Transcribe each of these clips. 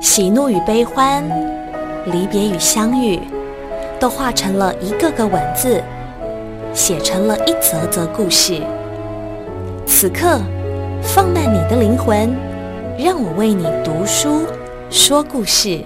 喜怒與悲歡，離別與相遇，都化成了一個個文字，寫成了一則則故事。此刻，放慢你的靈魂，讓我為你讀書，說故事。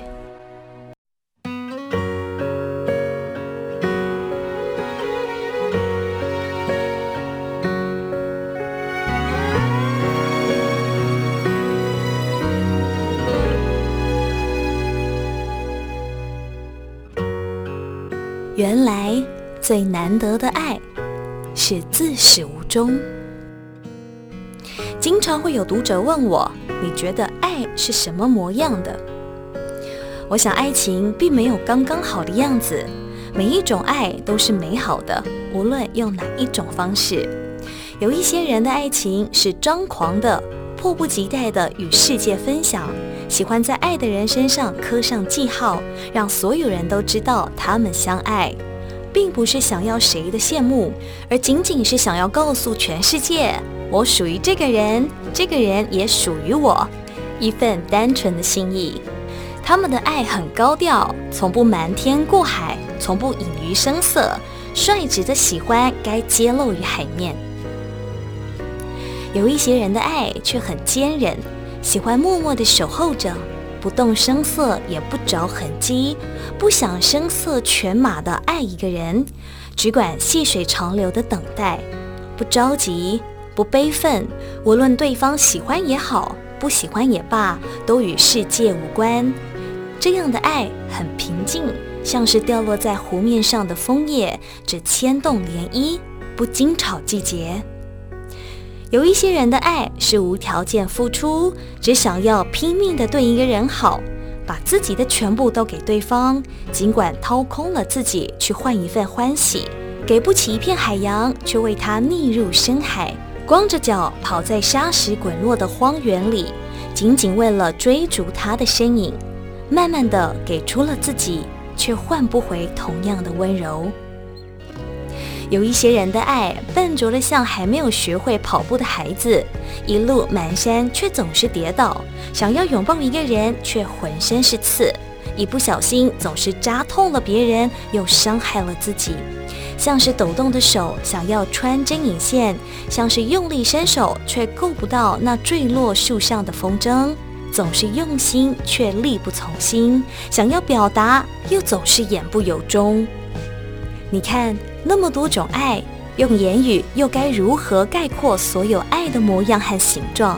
原來最難得的愛是自始無終。經常會有讀者問我，你覺得愛是什麼模樣的？我想，愛情並沒有剛剛好的樣子，每一種愛都是美好的，無論用哪一種方式。有一些人的愛情是張狂的，迫不及待的，與世界分享。喜歡在愛的人身上刻上記號，讓所有人都知道他們相愛，並不是想要誰的羨慕，而僅僅是想要告訴全世界：我屬於這個人，這個人也屬於我。一份單純的心意，他們的愛很高調，從不瞞天過海，從不隱於聲色，率直的喜歡該揭露於海面。有一些人的愛卻很堅韌。喜歡默默的守候着，不動聲色，也不着痕跡，不想聲色犬馬的愛一個人，只管細水長流的等待，不着急，不悲憤。無論對方喜歡也好，不喜歡也罷，都與世界無關。這樣的愛很平靜，像是掉落在湖面上的楓葉，只牽動漣漪，不驚吵季節。有一些人的愛是無條件付出，只想要拼命地對一個人好，把自己的全部都給對方，儘管掏空了自己去換一份歡喜。給不起一片海洋，卻為他溺入深海，光着腳跑在沙石滾落的荒原裡，僅僅為了追逐他的身影。慢慢地給出了自己，卻換不回同樣的溫柔。有一些人的愛笨拙得像還沒有學會跑步的孩子，一路蹣跚卻總是跌倒；想要擁抱一個人卻渾身是刺，一不小心總是扎痛了別人又傷害了自己。像是抖動的手想要穿針引線，像是用力伸手卻夠不到那墜落樹上的風箏。總是用心卻力不從心，想要表達又總是言不由衷。你看，那麼多種愛，用言語又該如何概括所有愛的模樣和形狀？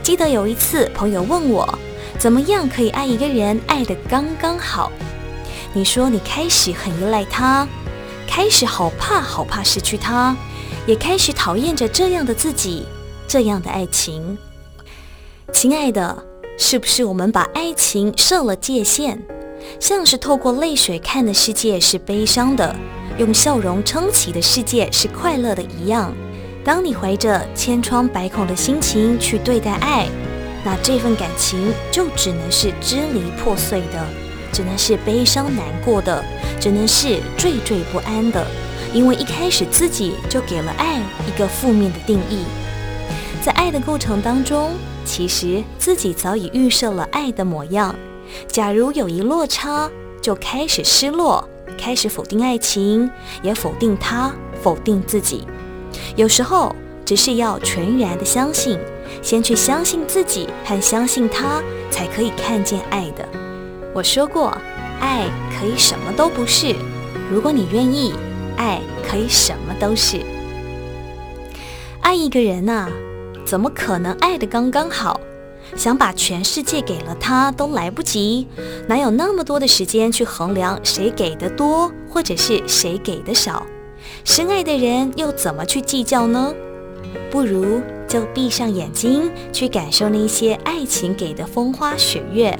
記得有一次，朋友問我，怎麼樣可以愛一個人，愛得剛剛好？你說你開始很依賴他，開始好怕好怕失去他，也開始討厭着這樣的自己，這樣的愛情。親愛的，是不是我們把愛情設了界限？像是透過淚水看的世界是悲傷的，用笑容撐起的世界是快樂的一樣。當你懷着千瘡百孔的心情去對待愛，那這份感情就只能是支離破碎的，只能是悲傷難過的，只能是惴惴不安的。因為一開始自己就給了愛一個負面的定義，在愛的過程當中，其實自己早已預設了愛的模樣。假如有一落差，就開始失落，開始否定愛情，也否定他，否定自己。有時候，只是要全然的相信，先去相信自己和相信他，才可以看見愛的。我說過，愛可以什麼都不是；如果你願意，愛可以什麼都是。愛一個人吶、啊，怎麼可能愛得剛剛好？想把全世界給了他都來不及，哪有那麼多的時間去衡量誰給的多，或者是誰給的少？深愛的人又怎麼去計較呢？不如就閉上眼睛，去感受那些愛情給的風花雪月，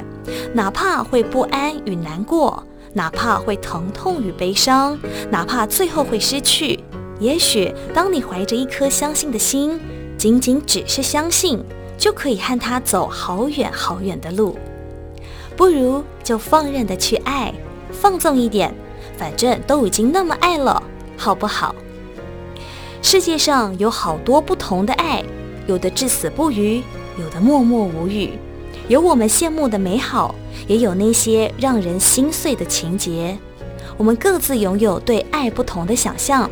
哪怕會不安與難過，哪怕會疼痛與悲傷，哪怕最後會失去。也許當你懷着一顆相信的心，僅僅只是相信。就可以和他走好遠好遠的路，不如就放任的去愛，放縱一點，反正都已經那麼愛了，好不好？世界上有好多不同的愛，有的至死不渝，有的默默無語，有我們羨慕的美好，也有那些讓人心碎的情節。我們各自擁有對愛不同的想象。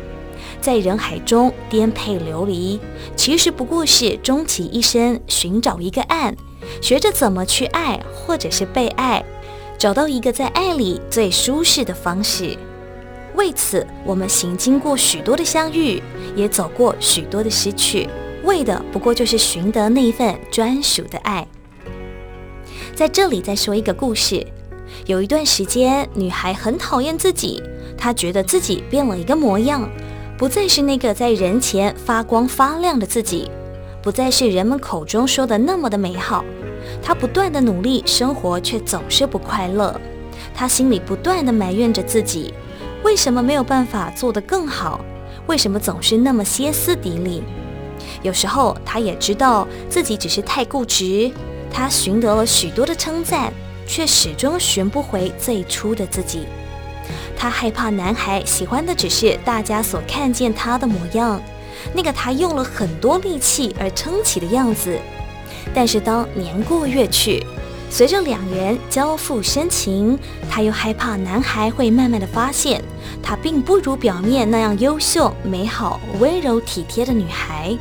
在人海中顛沛流離，其實不過是終其一生尋找一個愛，學着怎麼去愛，或者是被愛，找到一個在愛裡最舒適的方式。為此，我們行經過許多的相遇，也走過許多的失去，為的不過就是尋得那一份專屬的愛。在這裡再說一個故事，有一段時間，女孩很討厭自己，她覺得自己變了一個模樣。不再是那個在人前發光發亮的自己，不再是人們口中說的那麼的美好。他不斷的努力，生活卻總是不快樂。他心裡不斷的埋怨着自己，為什麼沒有辦法做得更好？為什麼總是那麼歇斯底里？有時候，他也知道自己只是太固執。他尋得了許多的稱讚，卻始終尋不回最初的自己。他害怕男孩喜歡的只是大家所看見他的模樣，那個他用了很多力氣而撐起的樣子。但是，當年過月去，隨着兩人交付深情，他又害怕男孩會慢慢地發現，他並不如表面那樣優秀、美好、溫柔、體貼的女孩，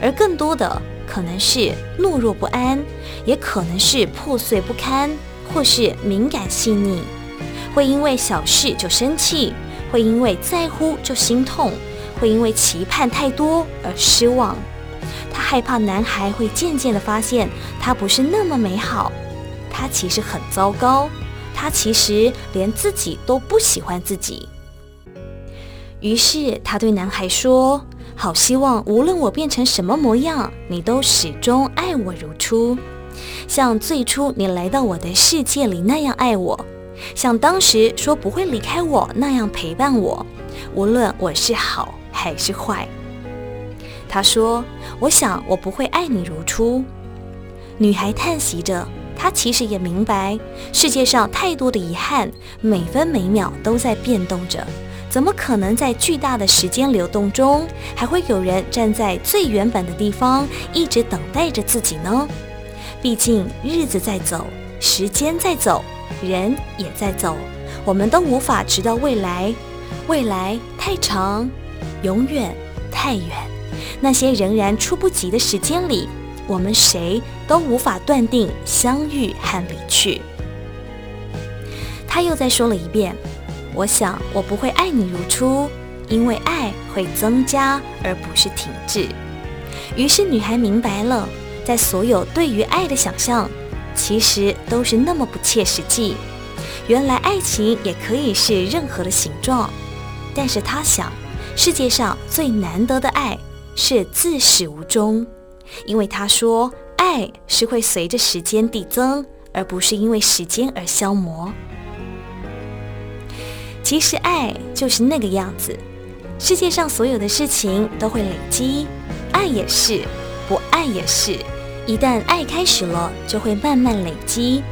而更多的可能是懦弱不安，也可能是破碎不堪，或是敏感細膩。會因為小事就生氣，會因為在乎就心痛，會因為期盼太多而失望。她害怕男孩會漸漸地發現她不是那麼美好，她其實很糟糕，她其實連自己都不喜歡自己。於是她對男孩說：“好希望無論我變成什麼模樣，你都始終愛我如初，像最初你來到我的世界裡那樣愛我。”像當時說不會離開我那樣陪伴我，無論我是好還是壞。他說：“我想我不會愛你如初。”女孩嘆息着，她其實也明白，世界上太多的遺憾，每分每秒都在變動着，怎麼可能在巨大的時間流動中，還會有人站在最原本的地方，一直等待着自己呢？畢竟日子在走，時間在走。人也在走，我們都無法知道未來。未來太長，永遠太遠。那些仍然出不及的時間裡，我們誰都無法斷定相遇和離去。他又再說了一遍：“我想，我不會愛你如初，因為愛會增加，而不是停滯。”於是，女孩明白了，在所有對於愛的想象。其實都是那麼不切實際。原來愛情也可以是任何的形狀，但是他想，世界上最難得的愛是自始無終，因為他說，愛是會隨着時間遞增，而不是因為時間而消磨。其實愛就是那個樣子，世界上所有的事情都會累積，愛也是，不愛也是。一旦愛開始了，就會慢慢累積。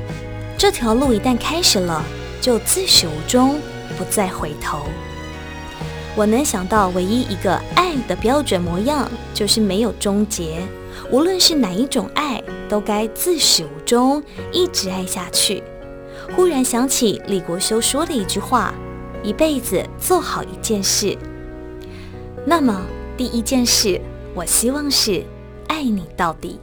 這條路一旦開始了，就自始無終，不再回頭。我能想到唯一一個愛的標準模樣，就是沒有終結。無論是哪一種愛，都該自始無終，一直愛下去。忽然想起李國修說的一句話：“一輩子做好一件事。”那麼，第一件事，我希望是愛你到底。